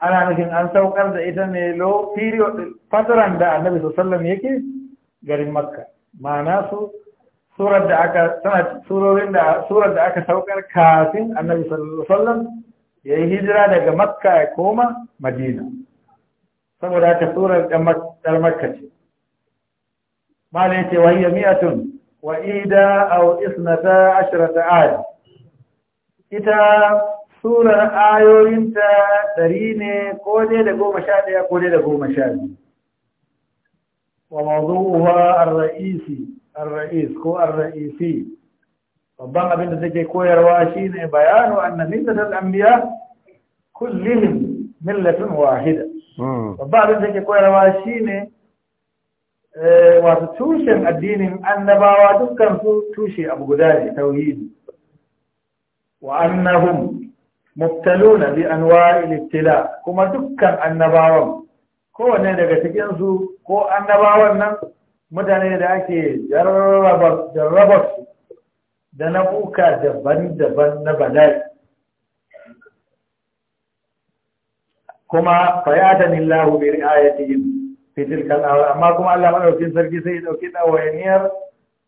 ana nufin an saukar da ita ne lo period fataran da annabi sallam yake garin makka ma'ana su surar da aka tana surorin da surar da aka saukar kafin annabi sallallahu ya yi yayi hijira daga makka ya koma madina saboda ta surar da makka ce malai ce wa hiya mi'atun wa ida aw isnata ashrata ita سورة آيو انتا تريني قولي لقو مشاهد يا قولي لقو مشاهد وموضوعها الرئيسي الرئيس كو الرئيسي ربما بنت زكي كو يرواشين بيان أن ملة الأنبياء كلهم ملة واحدة ربما بنت زكي كو يرواشين آه، واتتوشن الدين أنبا واتكن توشي أبو قدالي توهيد وأنهم mubtaluna bi anwa'il ibtila kuma dukkan annabawan kowanne daga cikin su ko annabawan nan mutane da ake jarraba da na buka daban-daban na bala'i kuma fayatan Allah bi ri'ayatihim fi tilkal amma kuma Allah madaukin sarki sai ya dauki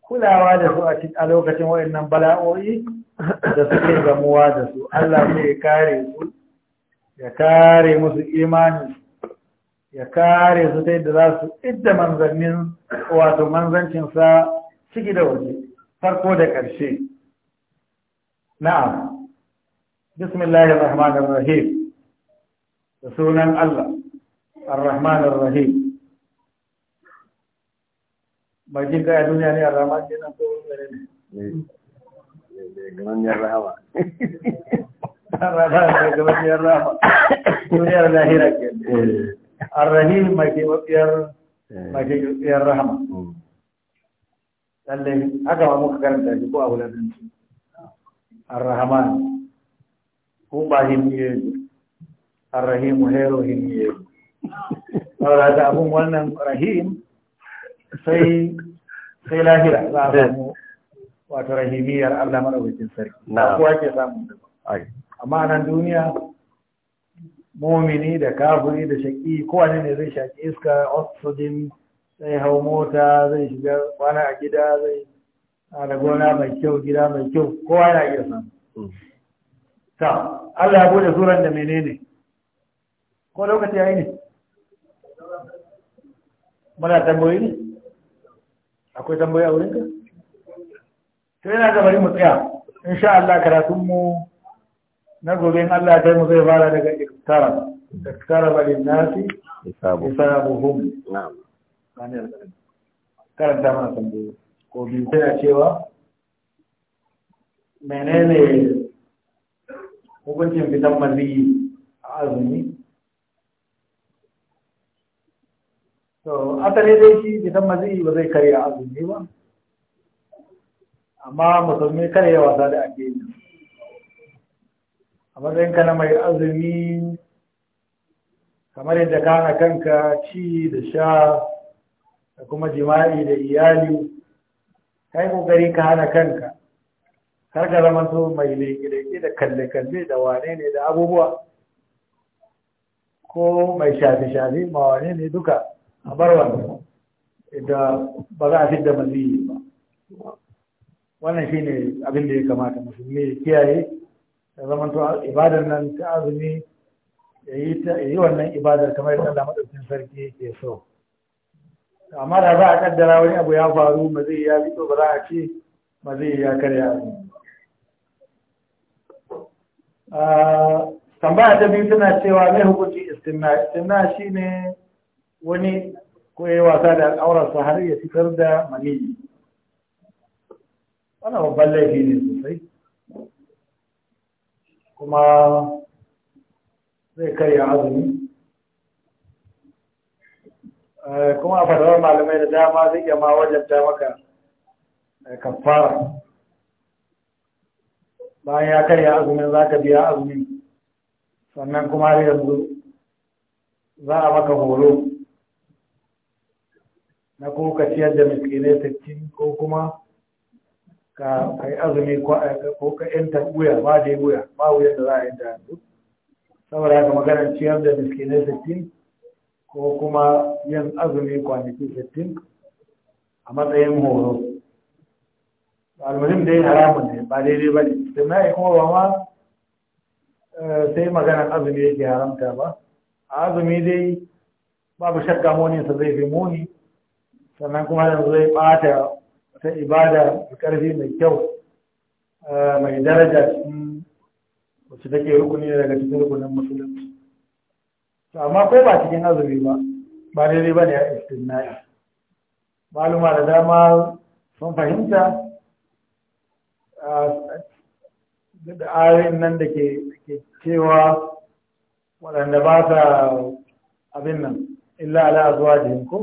kulawa da su a lokacin waɗannan bala'o'i da suke gamuwa da su Allah ne ya kare su ya kare musu imani ya kare su ta yadda za su idda manzannin wato manzancinsa ciki da waje farko da ƙarshe na'am Bismillahi rahmanir rahim da sunan Allah ar-rahmanir rahim mai jin kaya duniya ne a rama ke nan ko ne eh, eh, gananniyar rahama rama ne gananniyar rahama duniyar lahira ke eh. arrahim mai ke mafiyar mai ke mafiyar rahama hmm. lallai haka ma muka karanta shi ko a wulatanci arrahman ko ba himmiye arrahimu hero himmiye saboda abun wannan rahim sai sai lahira za a samu wato rahimiyar Allah madaukakin sarki Na. kuwa ke samun da ba amma nan duniya mumini da kafuri da shaki kowane ne zai shaki iska oxygen zai hau mota zai shiga kwana a gida zai a gona mai kyau gida mai kyau kowa ya iya samu mm. ta Allah ya bude suran da menene ko lokaci yayi ne muna tamboyi. ne akwai tambayi a wurinka? to yana da bari mu tsaya sha Allah karatunmu na gobe in Allah ta yi mu zai fara daga iktara da iktara bari nasi isabuhum na'am karanta mana tambayi ko biyu tana cewa menene hukuncin fitan mazi a azumi to asali dai shi idan mazi ba zai karya azumi ba amma musulmi kare ya wasa da yi a ka na mai azumi kamar yadda ka hana kanka ci da sha da kuma jima'i da iyali ka yi kokari ka hana kanka karka ka zama so mai leƙe-leƙe da kalle-kalle da wane ne da abubuwa ko mai shafe-shafe ma wane ne duka a bar wannan da ba za a fi da maziyi ba wannan shi ne abin da ya kamata musulmi ya kiyaye da zamanto ibadar nan ta azumi ya yi wannan ibadar kamar yadda Allah madaukakin sarki ke so amma da za a kaddara wani abu ya faru maziyi ya fito ba za a ce maziyi ya karya azumi ah, tambaya ta biyu tana cewa mai hukunci istimna shi shine wani ko ya wasa da aurarsa har ya fitar da maniyi wannan babban laifi ne sosai kuma zai karya azumi eh, kuma a fatawar malamai da dama zai iya ma wajenta maka eh, kafara bayan ya karya azumin za ka biya azumi, sannan kuma yanzu za a maka horo na kuma ka ciyar da miskinai sittin ko kuma ka yi azumi ko ka yanta wuya ba da wuya ba wuya da za a yanta yanzu saboda haka magana ciyar da miskinai sittin ko kuma yin azumi kwanaki sittin a matsayin horo da dai haramun ne ba daidai ba ne sannan kuma ba ma eh, sai magana azumi yake haramta ba a azumi dai babu shakka sa zai fi muni sannan kuma yanzu zai ɓata ta ibada da ƙarfi mai kyau eh, mai daraja cikin wacce take rukuni daga cikin rukunin musulunci To amma ko ba cikin azumi ba ba daidai ba ne a istinna'i maluma da dama sun fahimta eh, da ayoyin nan da ke cewa waɗanda ba sa abin nan illa ala zuwa jinku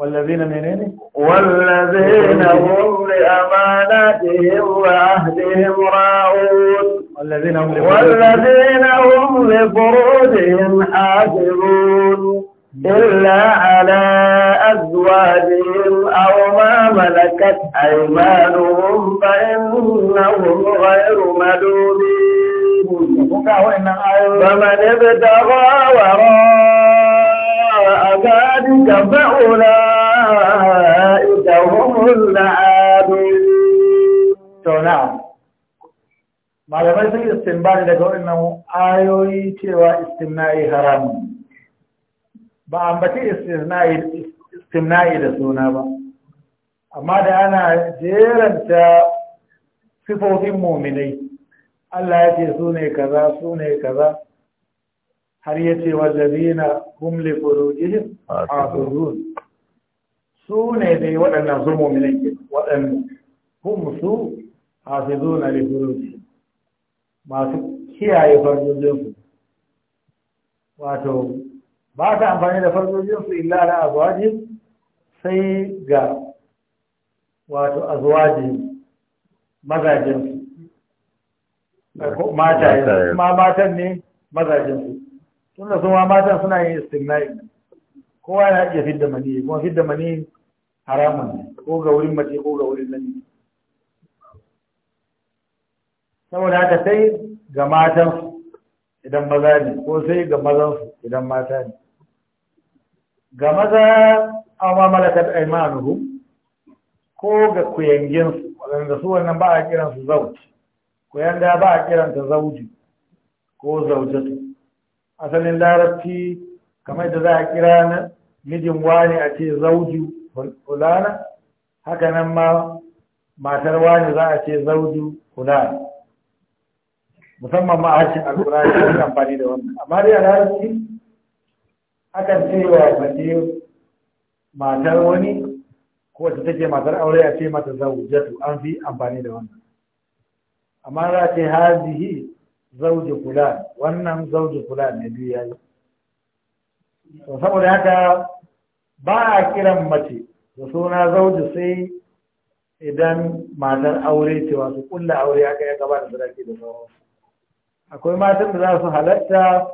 والذين منين والذين هم لأماناتهم وعهدهم راعون والذين هم والذين هم لفروجهم حافظون إلا على أزواجهم أو ما ملكت أيمانهم فإنهم غير ملومين فمن ابتغى وراء ذلك فأولئك أولئك هم malamai sun istinbani daga wannan ayoyi cewa istimna'i haram ba ambaci istimna'i da suna ba amma da ana jeranta sifofin muminai Allah ya ce su ne kaza su ne kaza har ya wallazina hum furujihim hafizun su ne dai waɗannan su mominin ke waɗannan hum su hafizuna li furuji masu kiyaye farjojinsu wato ba ta amfani da farjojinsu illa na azuwaji sai ga wato azuwaji mazajinsu ma matan ne mazajinsu tunda su ma matan suna yin istinai kowa yana iya fidda mani kuma fidda mani haramun ko ga wurin mace ko ga wurin nan saboda haka sai ga matansu idan maza ne ko sai ga mazansu idan mata ne ga maza amma malakat aimanuhu ko ga kuyanginsu waɗanda su wannan ba a kiran su zauji kuyanga ba a kiranta zauji ko zaujatu asalin larabci kamar da za a kira mijin wani a ce zauju fulana haka nan ma matar wani za a ce zauju fulana musamman ma a cikin alkurani yi amfani da wannan amma dai a larabci akan ce wa mace matar wani ko wacce take matar aure a ce mata zaujatu an fi amfani da wannan amma za a ce hazihi zauji fulan wannan zauji fulan ne biyu ya yi saboda haka ba a kiran mace da suna zauji sai idan matar aure ce wasu kulla aure aka ya gaba da sadaki da sauransu akwai matan da za su halatta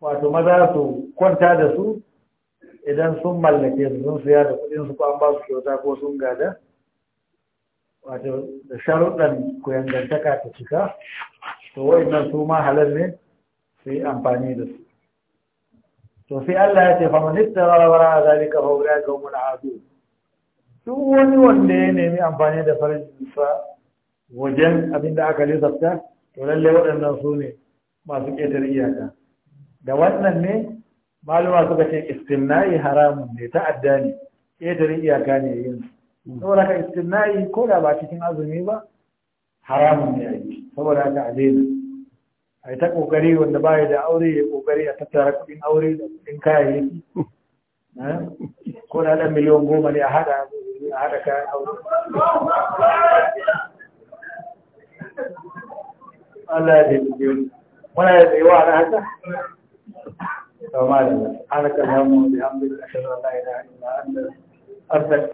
wato maza su kwanta da su idan sun mallake su sun siya da kudin su ko an ba su kyauta ko sun gada wato da sharuɗan kuyangantaka ta cika to nan su ma halar ne su yi amfani da su to sai Allah ya ce fa man istara wara zalika fa ulai ka humul adun duk wani wanda ya nemi amfani da farin sa wajen abinda aka lissafta to lalle waɗannan su ne masu ƙetare iyaka da wannan ne maluma suka ce istimna'i haramun ne ta'adda ne ƙetare iyaka ne yin saboda ka istimna'i ko da ba cikin azumi ba haramun ne ake saboda ka a daina a yi ta ƙoƙari wanda ba ya da aure ya ƙoƙari a tattara kuɗin aure da kuɗin kayayyaki ko da ɗan miliyan goma ne a haɗa a haɗa kayan aure Allah ya taimake mu muna da tsayuwa na haka kama da haka na mu da hamdu da ashirin Allah ya da ina an da